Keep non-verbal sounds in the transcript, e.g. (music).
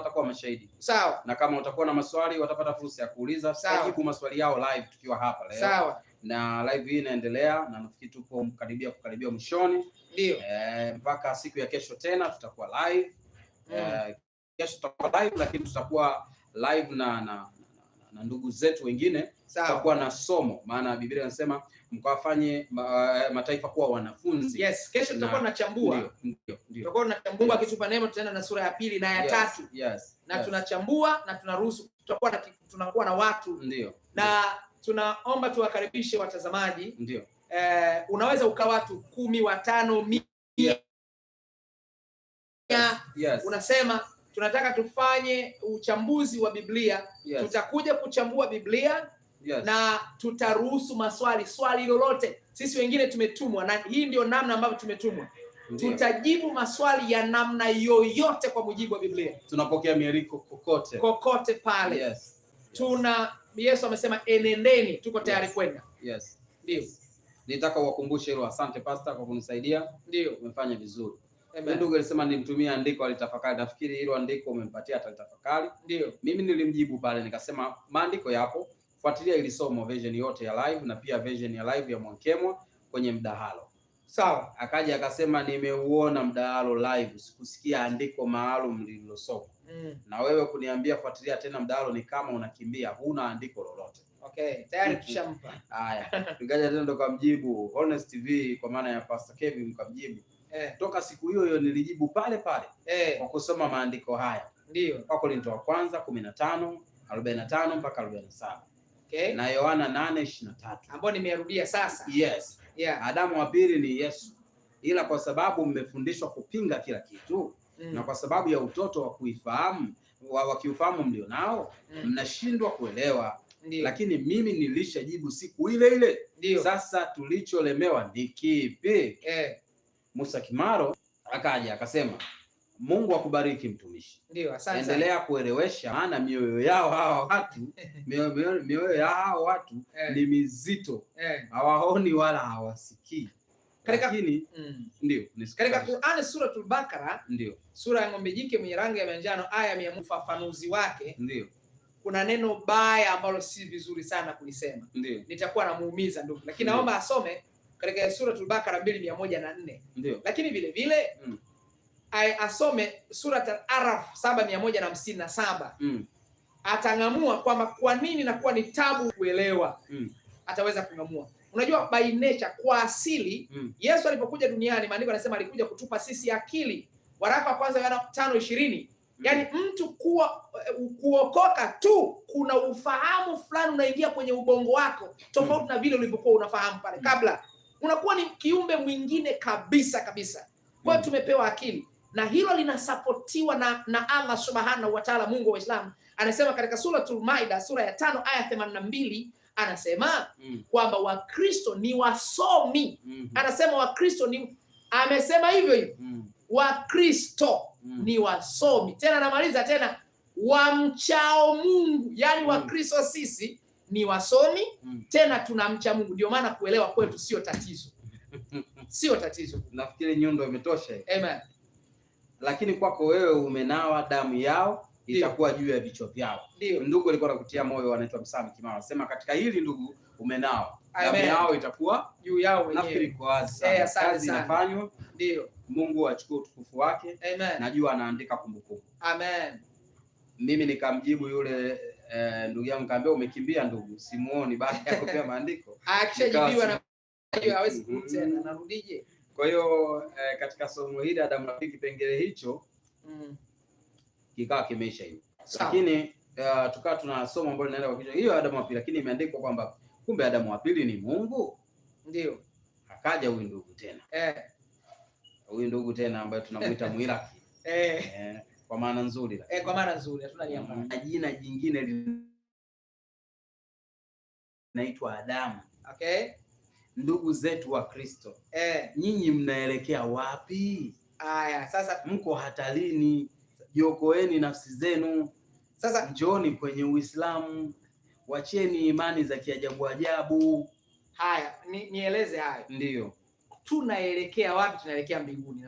watakuwa mashahidi. Sawa. Na kama utakuwa na maswali watapata fursa ya kuuliza, tutajibu maswali yao live tukiwa hapa leo. Sawa. Na live hii inaendelea na nafikiri tupo mkaribia kukaribia mwishoni. Ndio. Eh, mpaka siku ya kesho tena tutakuwa live. Mm. Eh, kesho tutakuwa live lakini tutakuwa live na na na ndugu zetu wengine takuwa na somo, maana Biblia inasema mkawafanye eh, mataifa kuwa wanafunzi. Yes, kesho tutakuwa tunachambua, tutakuwa tunachambua akitupa neema, tutaenda na sura ya pili na ya tatu yes, na yes. Tunachambua na tunaruhusu, tutakuwa na, tunakuwa na watu ndio, na tunaomba tuwakaribishe watazamaji ndio. Eh, unaweza ukawa watu kumi watano mia yes. Yes. unasema tunataka tufanye uchambuzi wa Biblia yes. Tutakuja kuchambua Biblia yes. Na tutaruhusu maswali, swali lolote. Sisi wengine tumetumwa, na hii ndio namna ambavyo tumetumwa Ndiyo. Tutajibu maswali ya namna yoyote kwa mujibu wa Biblia. Tunapokea mieriko kokote kokote pale yes. Yes. Tuna Yesu amesema enendeni, tuko tayari yes. kwenda yes. Ndio nitaka uwakumbushe hilo. Asante Pastor kwa kunisaidia. Ndio umefanya vizuri. Ndugu alisema nimtumie andiko alitafakari. Nafikiri hilo andiko umempatia atalitafakari. Ndio. Mimi nilimjibu pale nikasema maandiko yapo, fuatilia ili somo version yote ya live na pia version ya live ya Mwankemwa kwenye mdahalo. Sawa, akaja akasema nimeuona mdahalo live, sikusikia andiko maalum lililosoma. Mm. Na wewe kuniambia fuatilia tena mdahalo ni kama unakimbia, huna andiko lolote. Okay, tayari tushampa. (laughs) Haya, Ngaja tena ndo kamjibu Honest TV kwa maana ya Pastor Kevin kamjibu eh, toka siku hiyo hiyo nilijibu pale pale eh, kwa kusoma maandiko haya ndio Wakorintho wa kwanza 15 45 mpaka 47. Okay. na Yohana 8:23 ambao nimerudia sasa. Yes. Yeah. Adamu wa pili ni Yesu, ila kwa sababu mmefundishwa kupinga kila kitu mm, na kwa sababu ya utoto wa kuifahamu wa kiufahamu mlionao mm. mnashindwa mm, kuelewa Ndiyo. Lakini mimi nilishajibu siku ile ile. Ndiyo. Sasa tulicholemewa ni kipi? Eh. Musa Kimaro akaja akasema, Mungu akubariki mtumishi, ndio asante. Endelea kuelewesha, maana mioyo yao hawa watu (laughs) mioyo, mioyo ya hawa watu eh, ni mizito eh, hawaoni wala hawasikii katika mm, ndio katika Qur'an suratul Bakara, ndio sura ya ng'ombe jike mwenye rangi ya manjano aya ya ufafanuzi wake, ndio kuna neno baya ambalo si vizuri sana kulisema, nitakuwa namuumiza ndugu, lakini naomba asome katika Suratul Bakara mbili mia moja na nne lakini vile vile mm. asome Suratul Araf saba mia moja na hamsini na saba mm. atang'amua kwamba kwa nini nakuwa ni tabu kuelewa mm. ataweza kung'amua. Unajua, by nature kwa asili mm. Yesu alipokuja duniani maandiko anasema alikuja kutupa sisi akili, waraka wa kwanza Yohana tano ishirini mm. yani mtu kuwa eh, kuokoka tu kuna ufahamu fulani unaingia kwenye ubongo wako tofauti mm. na vile ulivyokuwa unafahamu pale mm. kabla unakuwa ni kiumbe mwingine kabisa kabisa. Kwa hiyo mm. tumepewa akili na hilo linasapotiwa na, na Allah subhanahu wa taala, Mungu wa islam anasema katika suratulmaida Maida sura ya tano aya themani na mbili anasema mm. kwamba Wakristo ni wasomi mm -hmm. anasema Wakristo ni amesema hivyo hivyo mm. Wakristo mm. ni wasomi tena, anamaliza tena wamchao Mungu, yani mm. Wakristo sisi ni wasomi mm. Tena tunamcha Mungu, ndio maana kuelewa kwetu sio tatizo, (laughs) sio tatizo. Nafikiri nyundo imetosha. Amen. Lakini kwako wewe umenawa damu yao itakuwa juu ya vichwa vyao. Ndugu alikuwa anakutia moyo, anaitwa Msami Kimara, anasema katika hili ndugu, umenawa damu yao itakuwa juu yao wenyewe. Nafikiri kwa wazi hey, eh, kazi inafanywa, ndio Mungu achukue utukufu wake. Amen. Najua anaandika kumbukumbu. Amen. Mimi nikamjibu yule Eh, ndugu yangu kaambia umekimbia ndugu, simuoni baada ya kupewa (laughs) maandiko akishajibiwa na hawezi mm-hmm. kurudi tena, narudije? Kwa hiyo eh, katika somo hili Adamu Rafiki kipengele hicho mm. kikawa kimeisha hivi, lakini uh, tukawa tuna somo ambalo linaenda kwa kichwa hiyo Adamu wa pili, lakini imeandikwa kwamba kumbe Adamu wa pili ni Mungu, ndio akaja huyu ndugu tena eh, huyu ndugu tena ambaye tunamuita (laughs) Mwiraki eh. Eh maana nzuri, eh, kwa maana nzuri hatuna nia mbaya. Na jina jingine linaitwa Adamu. Okay, ndugu zetu wa Kristo, eh, nyinyi mnaelekea wapi? Aya, sasa mko hatarini, jiokoeni nafsi zenu. Sasa njooni kwenye Uislamu, wacheni imani za kiajabu ajabu. Haya, nieleze ni hayo, ndiyo tunaelekea wapi? Tunaelekea mbinguni.